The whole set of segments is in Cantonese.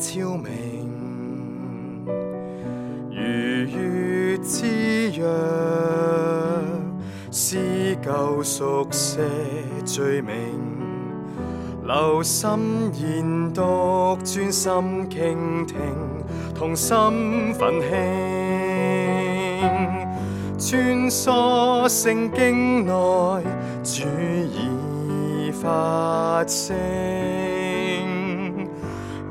悄明如月之約，是舊熟些罪名，留心研讀，專心傾聽，同心奮興，穿梭聖經內，主已發聲。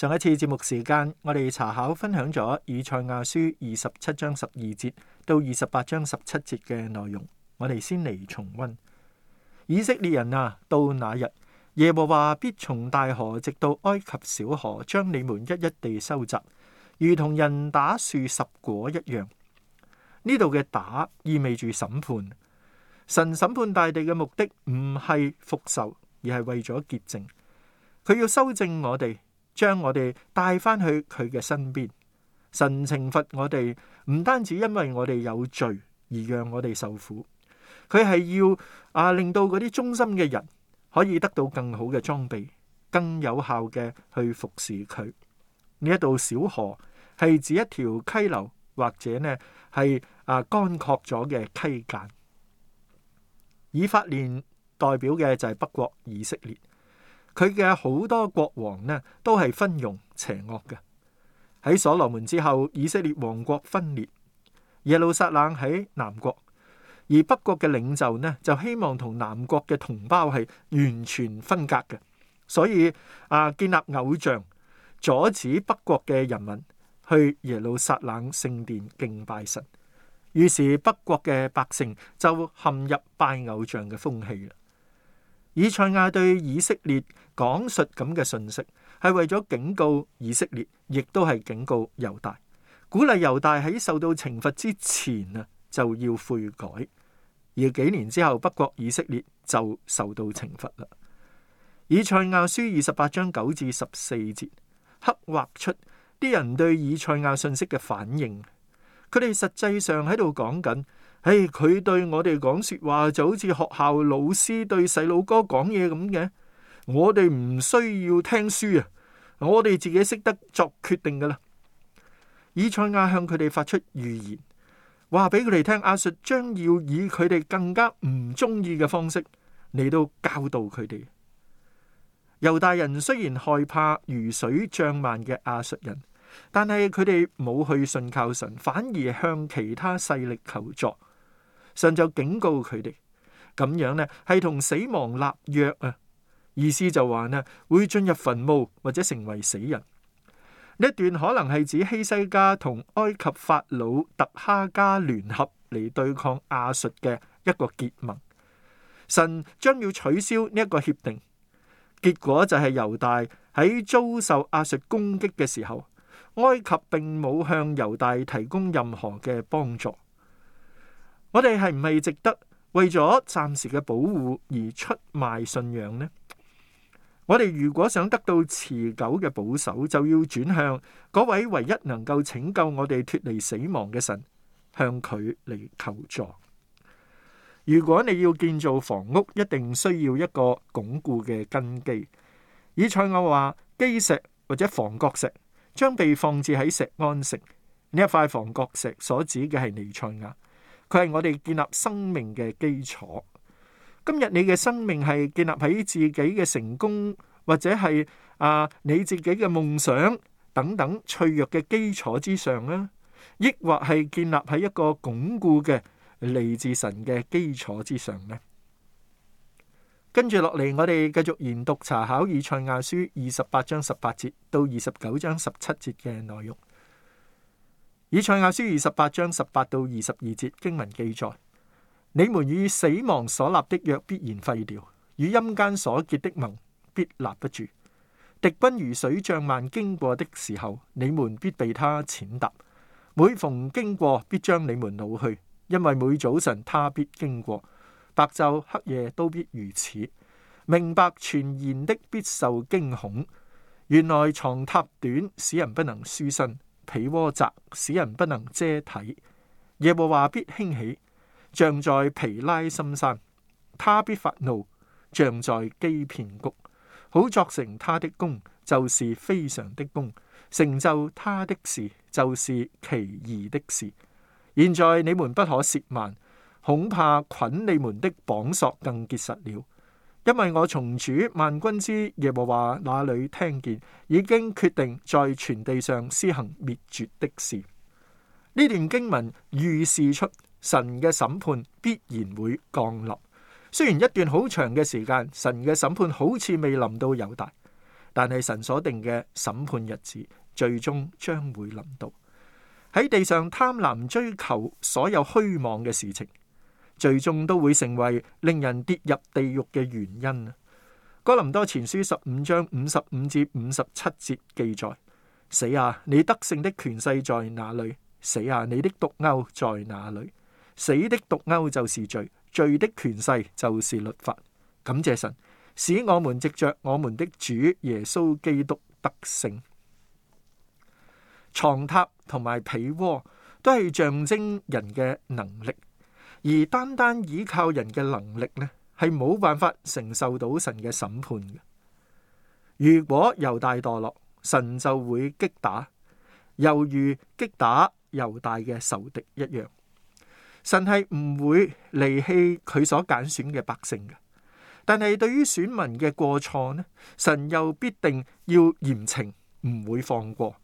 上一次節目時間，我哋查考分享咗《以賽亞書》二十七章十二節到二十八章十七節嘅內容。我哋先嚟重温：以色列人啊，到那日，耶和華必從大河直到埃及小河，將你們一一地收集，如同人打樹拾果一樣。呢度嘅打意味住審判。神審判大地嘅目的唔係復仇，而係為咗潔淨。佢要修正我哋。將我哋帶翻去佢嘅身邊，神懲罰我哋唔單止因為我哋有罪而讓我哋受苦，佢係要啊令到嗰啲忠心嘅人可以得到更好嘅裝備，更有效嘅去服侍佢。呢一道小河係指一條溪流或者呢係啊乾涸咗嘅溪澗。以法蓮代表嘅就係北國以色列。佢嘅好多國王呢，都係昏庸邪惡嘅。喺所羅門之後，以色列王國分裂，耶路撒冷喺南國，而北國嘅領袖呢就希望同南國嘅同胞係完全分隔嘅，所以啊建立偶像，阻止北國嘅人民去耶路撒冷聖殿敬拜神。於是北國嘅百姓就陷入拜偶像嘅風氣啦。以賽亞對以色列。講述咁嘅信息係為咗警告以色列，亦都係警告猶大，鼓勵猶大喺受到懲罰之前啊就要悔改。而幾年之後，北國以色列就受到懲罰啦。以賽亞書二十八章九至十四節刻劃出啲人對以賽亞信息嘅反應，佢哋實際上喺度講緊：唉，佢對我哋講說話就好似學校老師對細佬哥講嘢咁嘅。我哋唔需要聽書啊！我哋自己識得作決定噶啦。以賽亞向佢哋發出預言，話俾佢哋聽：亞述將要以佢哋更加唔中意嘅方式嚟到教導佢哋。猶大人雖然害怕如水漲漫嘅亞述人，但係佢哋冇去信靠神，反而向其他勢力求助。神就警告佢哋咁樣呢係同死亡立約啊！意思就話呢會進入墳墓或者成為死人。呢一段可能係指希西家同埃及法老特哈加聯合嚟對抗亞述嘅一個結盟。神將要取消呢一個協定，結果就係猶大喺遭受亞述攻擊嘅時候，埃及並冇向猶大提供任何嘅幫助。我哋係唔係值得為咗暫時嘅保護而出賣信仰呢？我哋如果想得到持久嘅保守，就要轉向嗰位唯一能夠拯救我哋脫離死亡嘅神，向佢嚟求助。如果你要建造房屋，一定需要一個鞏固嘅根基。以賽亞話，基石或者房角石將被放置喺錫安城。呢一塊房角石所指嘅係彌賽亞，佢係我哋建立生命嘅基礎。今日你嘅生命係建立喺自己嘅成功或者係啊你自己嘅夢想等等脆弱嘅基礎之上啊，抑或係建立喺一個鞏固嘅嚟自神嘅基礎之上呢？跟住落嚟，我哋繼續研讀查考以賽亞書二十八章十八節到二十九章十七節嘅內容。以賽亞書二十八章十八到二十二節經文記載。你們與死亡所立的約必然廢掉，與陰間所結的盟必立不住。敵軍如水漲漫經過的時候，你們必被他踐踏。每逢經過，必將你們擄去，因為每早晨他必經過，白晝黑夜都必如此。明白傳言的必受驚恐。原來床榻短，使人不能舒身；被窩窄，使人不能遮體。耶和華必興起。像在毘拉心山，他必發怒；像在基遍谷，好作成他的工，就是非常的工，成就他的事就是奇異的事。現在你們不可褻慢，恐怕捆你們的綁索更結實了，因為我從主萬軍之耶和華那裏聽見，已經決定在全地上施行滅絕的事。呢段經文預示出。神嘅審判必然會降落。雖然一段好長嘅時間，神嘅審判好似未臨到猶大，但係神所定嘅審判日子最終將會臨到。喺地上貪婪追求所有虛妄嘅事情，最終都會成為令人跌入地獄嘅原因。哥林多前書十五章五十五至五十七節記載：死啊，你得勝的權勢在哪裏？死啊，你的毒鉤？在哪裏？死的毒鈎就是罪，罪的權勢就是律法。感謝神，使我們藉着我們的主耶穌基督得勝。床榻同埋被窩都係象徵人嘅能力，而單單依靠人嘅能力呢，係冇辦法承受到神嘅審判。如果猶大墮落，神就會擊打，猶如擊打猶大嘅仇敵一樣。神係唔會離棄佢所揀選嘅百姓嘅，但係對於選民嘅過錯呢，神又必定要嚴懲，唔會放過。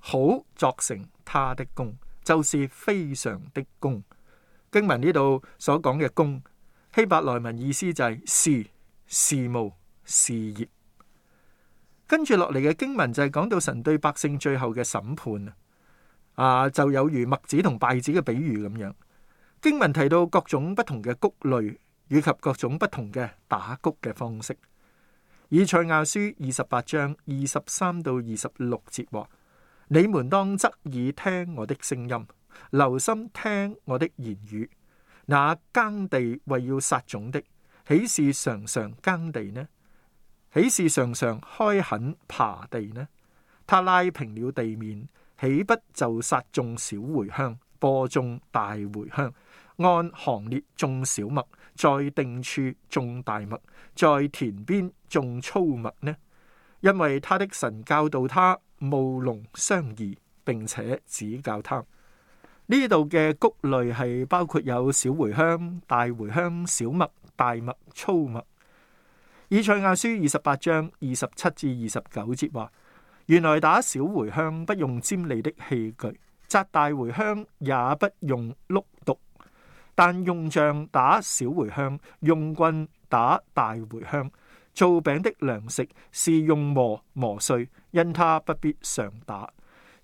好，作成他的工，就是非常的工。經文呢度所講嘅工，希伯來文意思就係事、事務、事業。跟住落嚟嘅經文就係講到神對百姓最後嘅審判啊，啊就有如麥子同稗子嘅比喻咁樣。經文提到各種不同嘅谷類以及各種不同嘅打谷嘅方式。以賽亞書二十八章二十三到二十六節話：你們當側耳聽我的聲音，留心聽我的言語。那耕地為要撒種的，豈是常常耕地呢？豈是常常開墾耙地呢？他拉平了地面，豈不就撒種小茴香，播種大茴香？按行列種小麥，在定處種大麥，在田邊種粗麥呢？因為他的神教導他務農相宜，並且指教他。呢度嘅穀類係包括有小茴香、大茴香、小麥、大麥、粗麥。以賽亞書二十八章二十七至二十九節話：原來打小茴香不用尖利的器具，扎大茴香也不用碌毒。但用杖打小茴香，用棍打大茴香。做餅的糧食是用磨磨碎，因他不必常打。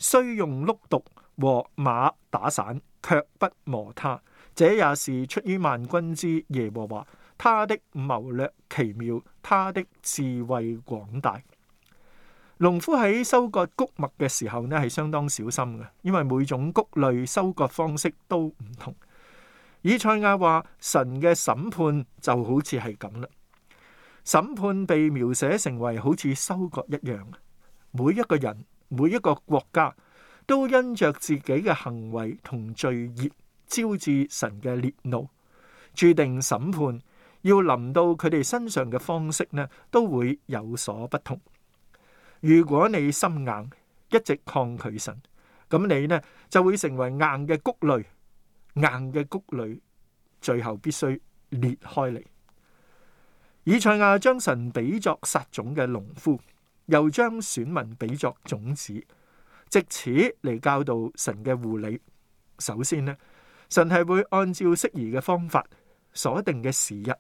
雖用碌碡和馬打散，卻不磨他。這也是出於萬軍之耶和華。他的謀略奇妙，他的智慧廣大。農夫喺收割穀物嘅時候呢，係相當小心嘅，因為每種穀類收割方式都唔同。以賽亞話：神嘅審判就好似係咁啦，審判被描寫成為好似收割一樣，每一個人每一個國家都因着自己嘅行為同罪孽招致神嘅烈怒，注定審判要臨到佢哋身上嘅方式呢，都會有所不同。如果你心硬，一直抗拒神，咁你呢就會成為硬嘅穀類。硬嘅穀類最後必須裂開嚟。以賽亞將神比作撒種嘅農夫，又將選民比作種子，借此嚟教導神嘅護理。首先呢，神係會按照適宜嘅方法、所定嘅時日、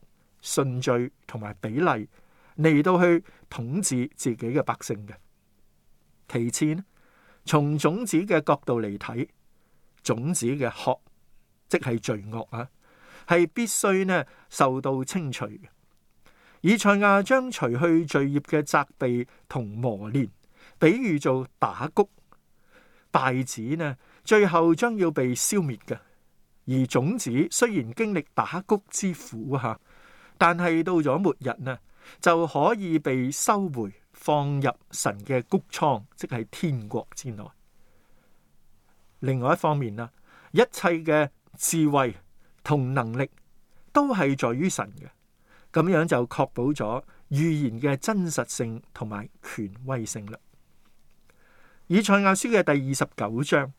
順序同埋比例嚟到去統治自己嘅百姓嘅。其次呢，從種子嘅角度嚟睇，種子嘅殼。即係罪惡啊，係必須呢受到清除。以賽亞將除去罪孽嘅責備同磨練，比喻做打穀。敗子呢，最後將要被消滅嘅。而種子雖然經歷打穀之苦啊，但係到咗末日呢，就可以被收回放入神嘅穀倉，即係天國之內。另外一方面啦，一切嘅。智慧同能力都係在於神嘅，咁樣就確保咗預言嘅真實性同埋權威性啦。以賽亞書嘅第二十九章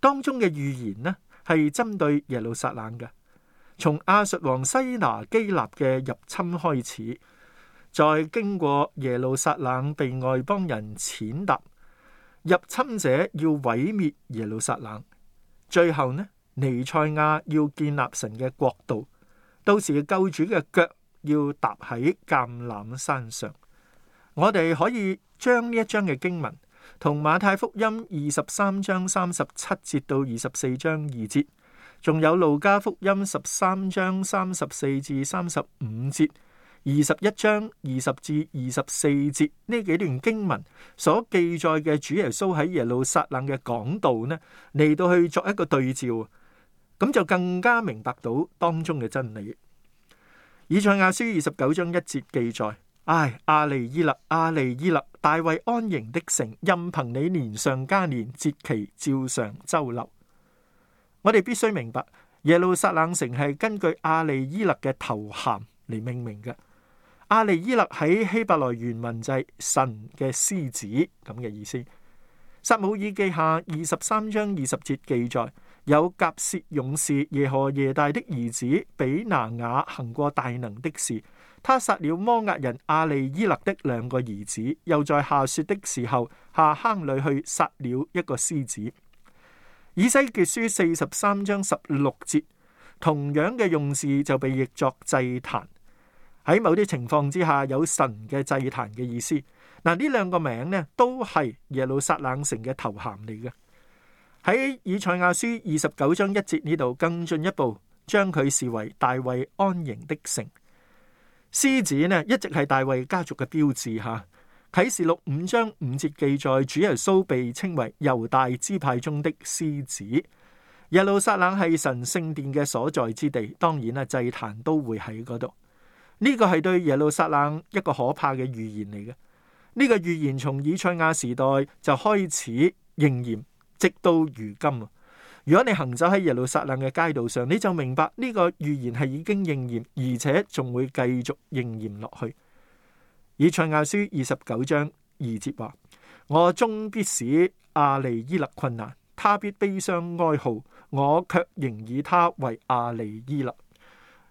當中嘅預言呢，係針對耶路撒冷嘅。從亞述王西拿基立嘅入侵開始，再經過耶路撒冷被外邦人踐踏，入侵者要毀滅耶路撒冷，最後呢，尼賽亞要建立神嘅國度，到時救主嘅腳要踏喺橄欖山上。我哋可以將呢一章嘅經文同馬太福音二十三章三十七節到二十四章二節，仲有路加福音十三章三十四至三十五節，二十一章二十至二十四節呢幾段經文所記載嘅主耶穌喺耶路撒冷嘅講道呢，嚟到去作一個對照。咁就更加明白到當中嘅真理。以賽亞書二十九章一節記載：唉，阿利伊勒，阿利伊勒，大衛安營的城，任憑你年上加年，節期照常周流。我哋必須明白，耶路撒冷城係根據阿利伊勒嘅頭銜嚟命名嘅。阿利伊勒喺希伯來原文就係神嘅獅子咁嘅意思。撒母耳記下二十三章二十節記載。有甲薛勇士耶何耶大的兒子比拿雅行過大能的事，他殺了摩押人亞利伊勒的兩個兒子，又在下雪的時候下坑裏去殺了一個獅子。以西結書四十三章十六節，同樣嘅用字就被譯作祭壇。喺某啲情況之下，有神嘅祭壇嘅意思。嗱，呢兩個名呢，都係耶路撒冷城嘅頭銜嚟嘅。喺以賽亞書二十九章一節呢度，更進一步將佢視為大衛安營的城。獅子呢，一直係大衛家族嘅標誌吓。啟示錄五章五節記載，主耶穌被稱為猶大支派中的獅子。耶路撒冷係神聖殿嘅所在之地，當然啦，祭壇都會喺嗰度。呢個係對耶路撒冷一個可怕嘅預言嚟嘅。呢個預言從以賽亞時代就開始應驗。直到如今啊，如果你行走喺耶路撒冷嘅街道上，你就明白呢、這個預言係已經應驗，而且仲會繼續應驗落去。以賽亞書二十九章二節話：我終必使亞利伊勒困難，他必悲傷哀號，我卻仍以他為亞利伊勒。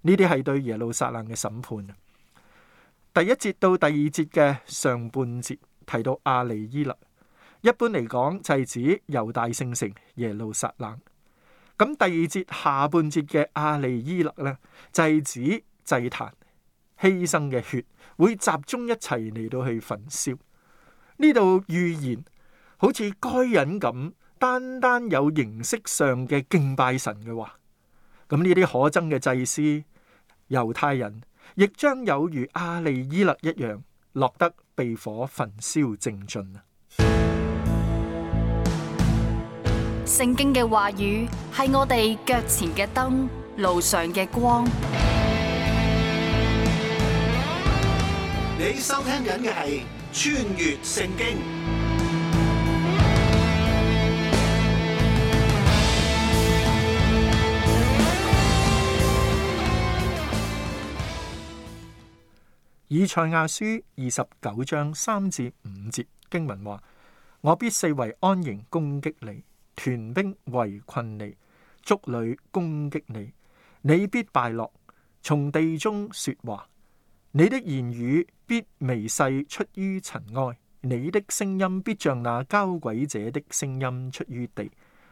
呢啲係對耶路撒冷嘅審判啊！第一節到第二節嘅上半節提到亞利伊勒。一般嚟講，就係指猶大聖城耶路撒冷。咁第二節下半節嘅阿利伊勒呢，就係指祭壇犧牲嘅血會集中一齊嚟到去焚燒。呢度預言好似該人咁，單單有形式上嘅敬拜神嘅話，咁呢啲可憎嘅祭司、猶太人，亦將有如阿利伊勒一樣，落得被火焚燒正盡。聖經嘅話語係我哋腳前嘅燈，路上嘅光。你收聽緊嘅係穿越聖經。以賽亞書二十九章三至五節經文話：我必四圍安營攻擊你。屯兵圍困你，築壘攻擊你，你必敗落。從地中說話，你的言語必微細，出於塵埃；你的聲音必像那交鬼者的聲音，出於地。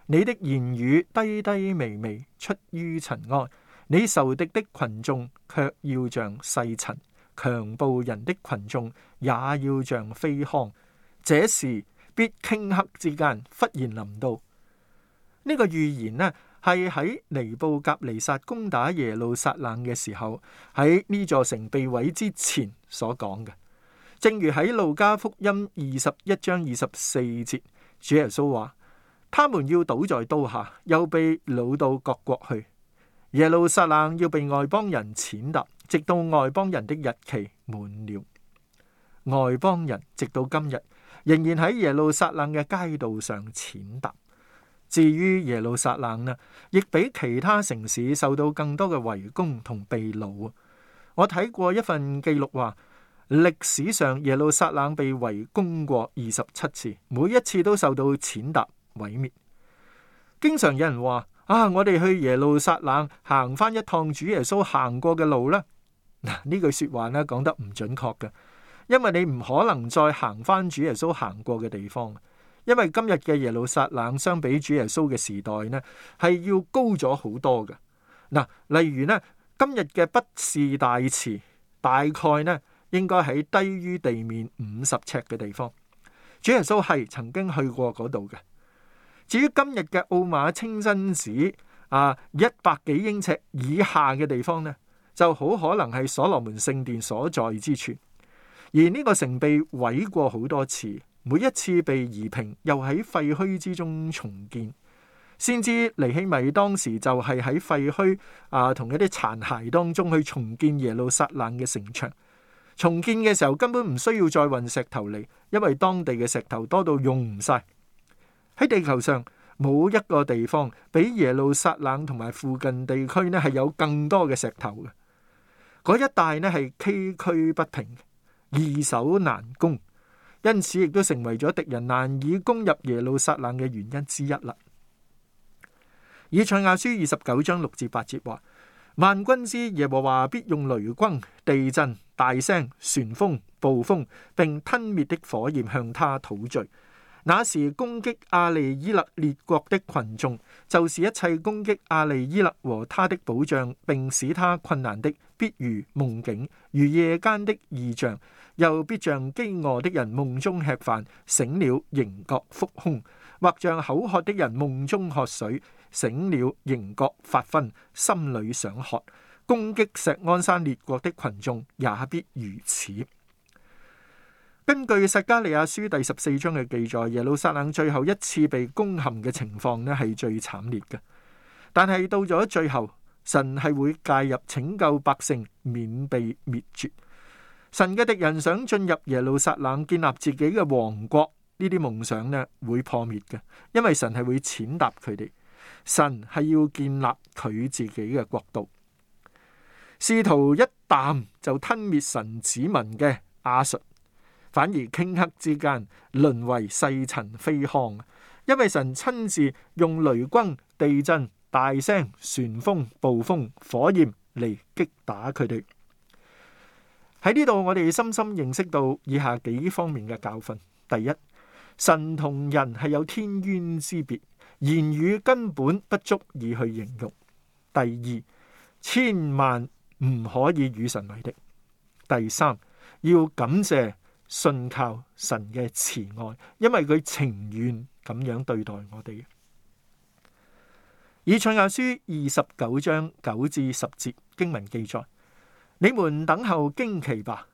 你的言語低低微微，出於塵埃。你仇敵的群眾卻要像細塵，強暴人的群眾也要像飛糠。這事必頃刻之間忽然臨到。呢個預言咧，係喺尼布甲尼撒攻打耶路撒冷嘅時候，喺呢座城被毀之前所講嘅。正如喺路加福音二十一章二十四節，主耶穌話：他們要倒在刀下，又被攞到各國去。耶路撒冷要被外邦人踐踏，直到外邦人的日期滿了。外邦人直到今日，仍然喺耶路撒冷嘅街道上踐踏。至於耶路撒冷呢，亦比其他城市受到更多嘅圍攻同被擄啊！我睇過一份記錄話，歷史上耶路撒冷被圍攻過二十七次，每一次都受到踐踏毀滅。經常有人話：啊，我哋去耶路撒冷行翻一趟主耶穌行過嘅路啦！嗱，呢句說話呢，講得唔準確嘅，因為你唔可能再行翻主耶穌行過嘅地方。因為今日嘅耶路撒冷相比主耶穌嘅時代呢，係要高咗好多嘅。嗱，例如呢，今日嘅畢士大池大概呢應該喺低於地面五十尺嘅地方，主耶穌係曾經去過嗰度嘅。至於今日嘅奧馬清真寺啊，一百幾英尺以下嘅地方呢，就好可能係所羅門聖殿所在之處。而呢個城被毀過好多次。每一次被夷平，又喺廢墟之中重建，先知尼希米當時就係喺廢墟啊，同一啲殘骸當中去重建耶路撒冷嘅城牆。重建嘅時候根本唔需要再運石頭嚟，因為當地嘅石頭多到用唔晒。喺地球上冇一個地方比耶路撒冷同埋附近地區呢係有更多嘅石頭嘅。嗰一帶呢係崎嶇不平，易守難攻。因此，亦都成為咗敵人難以攻入耶路撒冷嘅原因之一啦。以賽亞書二十九章六至八節話：萬軍之耶和華必用雷轟、地震、大聲、旋風、暴風，並吞滅的火焰向他討罪。那時攻擊阿利伊勒列國的群眾，就是一切攻擊阿利伊勒和他的保障，並使他困難的，必如夢境，如夜間的異象。又必像飢餓的人夢中吃飯，醒了仍覺腹空；或像口渴的人夢中喝水，醒了仍覺發昏。心裏想喝。攻擊錫安山列國的群眾也必如此。根據《撒迦利亞書》第十四章嘅記載，耶路撒冷最後一次被攻陷嘅情況呢係最慘烈嘅。但係到咗最後，神係會介入拯救百姓，免被滅絕。神嘅敵人想進入耶路撒冷建立自己嘅王國，呢啲夢想呢會破滅嘅，因為神係會踐踏佢哋。神係要建立佢自己嘅國度，試圖一啖就吞滅神子民嘅亞述，反而頃刻之間淪為細塵飛糠。因為神親自用雷轟、地震、大聲、旋風、暴風、火焰嚟擊打佢哋。喺呢度，我哋深深認識到以下幾方面嘅教訓：第一，神同人係有天淵之別，言語根本不足以去形容；第二，千萬唔可以與神為敵；第三，要感謝信靠神嘅慈愛，因為佢情願咁樣對待我哋。以賽亞書二十九章九至十節經文記載。你們等候驚奇吧，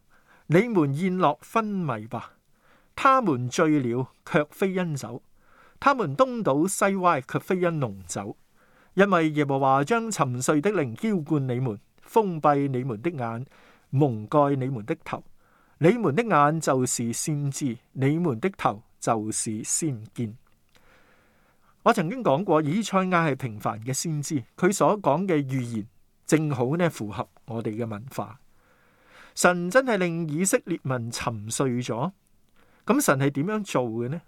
你們宴樂昏迷吧。他們醉了，卻非因酒；他們東倒西歪，卻非因濃酒。因為耶和華將沉睡的靈澆灌你們，封閉你們的眼，蒙蓋你們的頭。你們的眼就是先知，你們的頭就是先見。我曾經講過，以賽亞係平凡嘅先知，佢所講嘅預言。正好呢，符合我哋嘅文化。神真係令以色列民沉睡咗，咁神係點樣做嘅呢？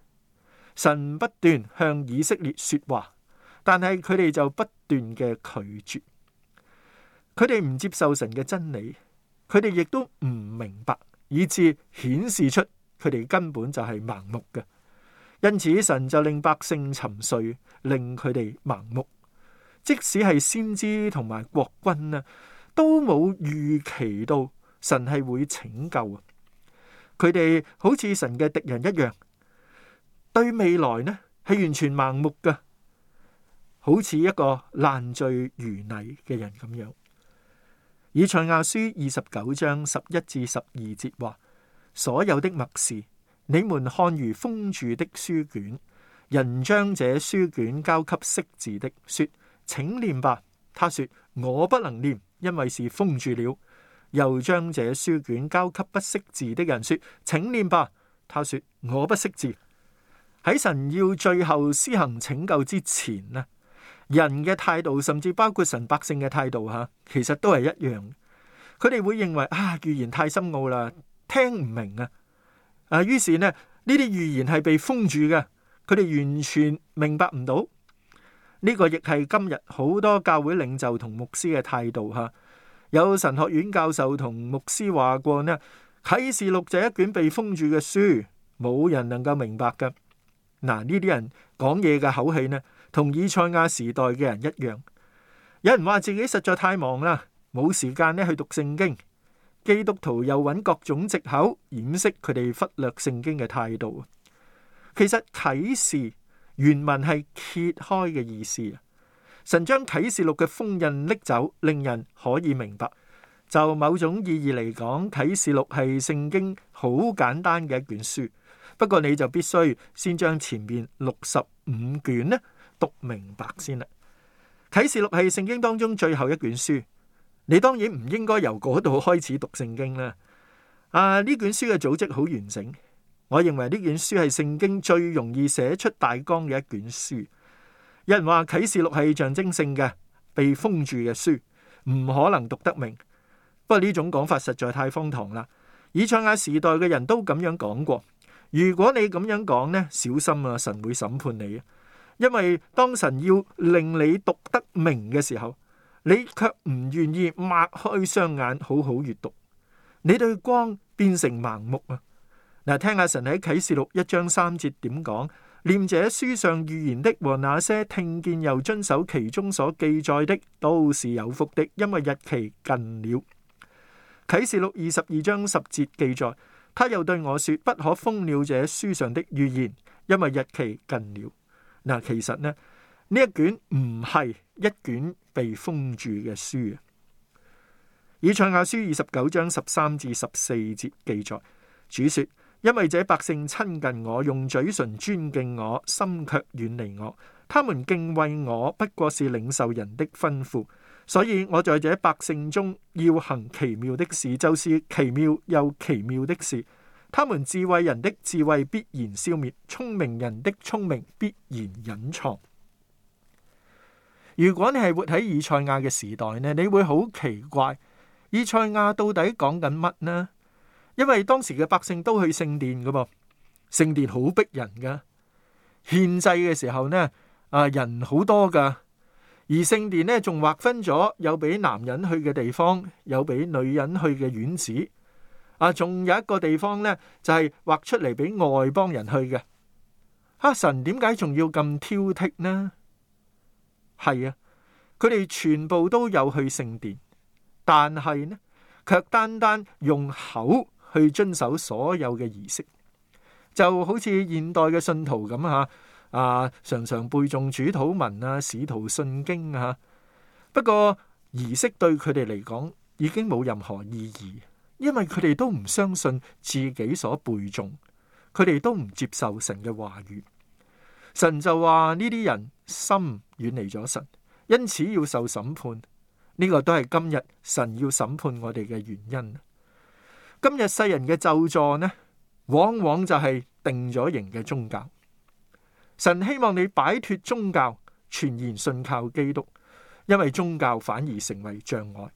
神不斷向以色列說話，但係佢哋就不斷嘅拒絕，佢哋唔接受神嘅真理，佢哋亦都唔明白，以致顯示出佢哋根本就係盲目嘅。因此，神就令百姓沉睡，令佢哋盲目。即使係先知同埋國君呢，都冇預期到神係會拯救啊。佢哋好似神嘅敵人一樣，對未來呢係完全盲目噶，好似一個爛醉如泥嘅人咁樣。以賽亞書二十九章十一至十二節話：所有的默示，你們看如封住的書卷，人將這書卷交給識字的說。請念吧，他說我不能念，因為是封住了。又將這書卷交給不識字的人說，說請念吧。他說我不識字。喺神要最後施行拯救之前呢，人嘅態度甚至包括神百姓嘅態度吓，其實都係一樣。佢哋會認為啊，預言太深奧啦，聽唔明啊。啊，於是呢呢啲預言係被封住嘅，佢哋完全明白唔到。呢個亦係今日好多教會領袖同牧師嘅態度吓，有神學院教授同牧師話過呢，《啟示錄》這一卷被封住嘅書，冇人能夠明白嘅。嗱，呢啲人講嘢嘅口氣呢，同以賽亞時代嘅人一樣。有人話自己實在太忙啦，冇時間咧去讀聖經。基督徒又揾各種借口掩飾佢哋忽略聖經嘅態度。其實啟示。原文係揭開嘅意思。神將啟示錄嘅封印拎走，令人可以明白。就某種意義嚟講，啟示錄係聖經好簡單嘅一卷書。不過你就必須先將前面六十五卷呢讀明白先啦。啟示錄係聖經當中最後一卷書，你當然唔應該由嗰度開始讀聖經啦。啊，呢卷書嘅組織好完整。我認為呢卷書係聖經最容易寫出大綱嘅一卷書。有人話啟示錄係象徵性嘅、被封住嘅書，唔可能讀得明。不過呢種講法實在太荒唐啦！以賽亞時代嘅人都咁樣講過。如果你咁樣講呢，小心啊，神會審判你。因為當神要令你讀得明嘅時候，你卻唔願意擘開雙眼好好閱讀，你對光變成盲目啊！嗱，聽下神喺啟示錄一章三節點講：念者書上預言的和那些聽見又遵守其中所記載的，都是有福的，因為日期近了。啟示錄二十二章十節記載：他又對我說，不可封了者書上的預言，因為日期近了。嗱，其實呢呢一卷唔係一卷被封住嘅書。以賽亞書二十九章十三至十四節記載：主說。因為這百姓親近我，用嘴唇尊敬我，心卻遠離我。他們敬畏我，不過是領受人的吩咐。所以我在這百姓中要行奇妙的事，就是奇妙又奇妙的事。他們智慧人的智慧必然消滅，聰明人的聰明必然隱藏。如果你係活喺以賽亞嘅時代呢，你會好奇怪，以賽亞到底講緊乜呢？因為當時嘅百姓都去聖殿噶噃，聖殿好逼人噶獻祭嘅時候呢，啊，人好多噶，而聖殿呢，仲劃分咗有俾男人去嘅地方，有俾女人去嘅院子啊，仲有一個地方呢，就係、是、劃出嚟俾外邦人去嘅。黑、啊、神點解仲要咁挑剔呢？係啊，佢哋全部都有去聖殿，但係呢，卻單單用口。去遵守所有嘅儀式，就好似現代嘅信徒咁吓，啊，常常背誦主禱文啊、使徒信經啊。不過儀式對佢哋嚟講已經冇任何意義，因為佢哋都唔相信自己所背誦，佢哋都唔接受神嘅話語。神就話呢啲人心遠離咗神，因此要受審判。呢個都係今日神要審判我哋嘅原因。今日世人嘅咒助呢，往往就係定咗型嘅宗教。神希望你擺脫宗教，全然信靠基督，因為宗教反而成為障礙。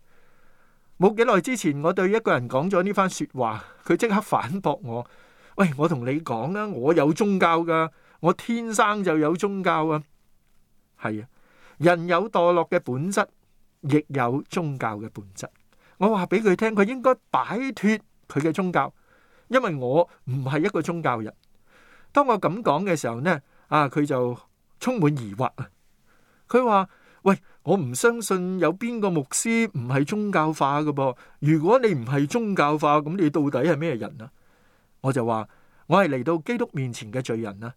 冇幾耐之前，我對一個人講咗呢番說話，佢即刻反駁我：喂，我同你講啊，我有宗教噶，我天生就有宗教啊。係啊，人有墮落嘅本質，亦有宗教嘅本質。我話俾佢聽，佢應該擺脫。佢嘅宗教，因為我唔係一個宗教人。當我咁講嘅時候呢，啊，佢就充滿疑惑啊。佢話：喂，我唔相信有邊個牧師唔係宗教化㗎噃。如果你唔係宗教化，咁你到底係咩人啊？我就話：我係嚟到基督面前嘅罪人啊！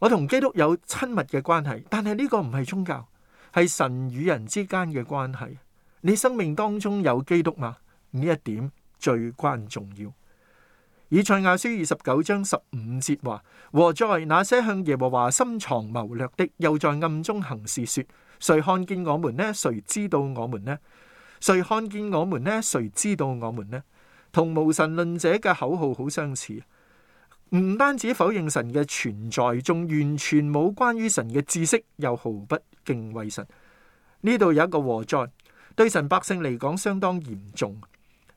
我同基督有親密嘅關係，但係呢個唔係宗教，係神與人之間嘅關係。你生命當中有基督嗎？呢一點。最關重要，以賽亞書二十九章十五節話：禍哉！那些向耶和華深藏謀略的，又在暗中行事，說：誰看見我們呢？誰知道我們呢？誰看見我們呢？誰知道我們呢？同無神論者嘅口號好相似，唔單止否認神嘅存在，仲完全冇關於神嘅知識，又毫不敬畏神。呢度有一個禍哉，對神百姓嚟講相當嚴重。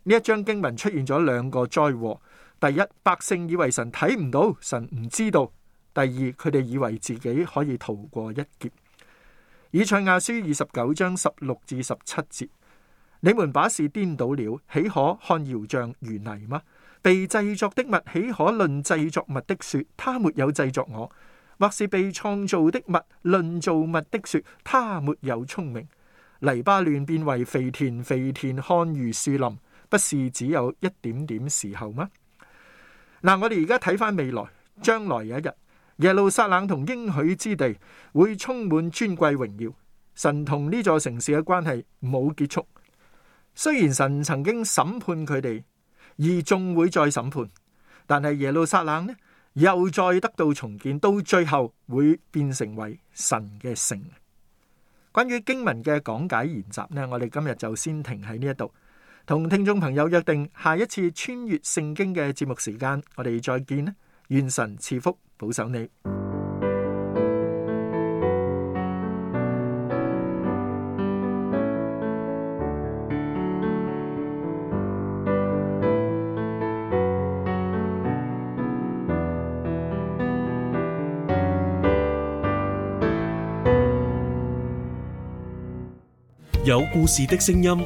呢一章經文出現咗兩個災禍。第一，百姓以為神睇唔到，神唔知道；第二，佢哋以為自己可以逃過一劫。以賽亞書二十九章十六至十七節：你們把事顛倒了，豈可看窯匠如泥嗎？被製作的物，豈可論製作物的說，他沒有製作我，或是被創造的物，論造物的說，他沒有聰明？黎巴嫩變為肥田，肥田看如樹林不是只有一點點時候嗎？嗱，我哋而家睇翻未來，將來有一日，耶路撒冷同應許之地會充滿尊貴榮耀。神同呢座城市嘅關係冇結束，雖然神曾經審判佢哋，而仲會再審判，但係耶路撒冷呢又再得到重建，到最後會變成為神嘅城。關於經文嘅講解研習呢，我哋今日就先停喺呢一度。同聽眾朋友約定，下一次穿越聖經嘅節目時間，我哋再見啦！願神賜福保守你。有故事的聲音。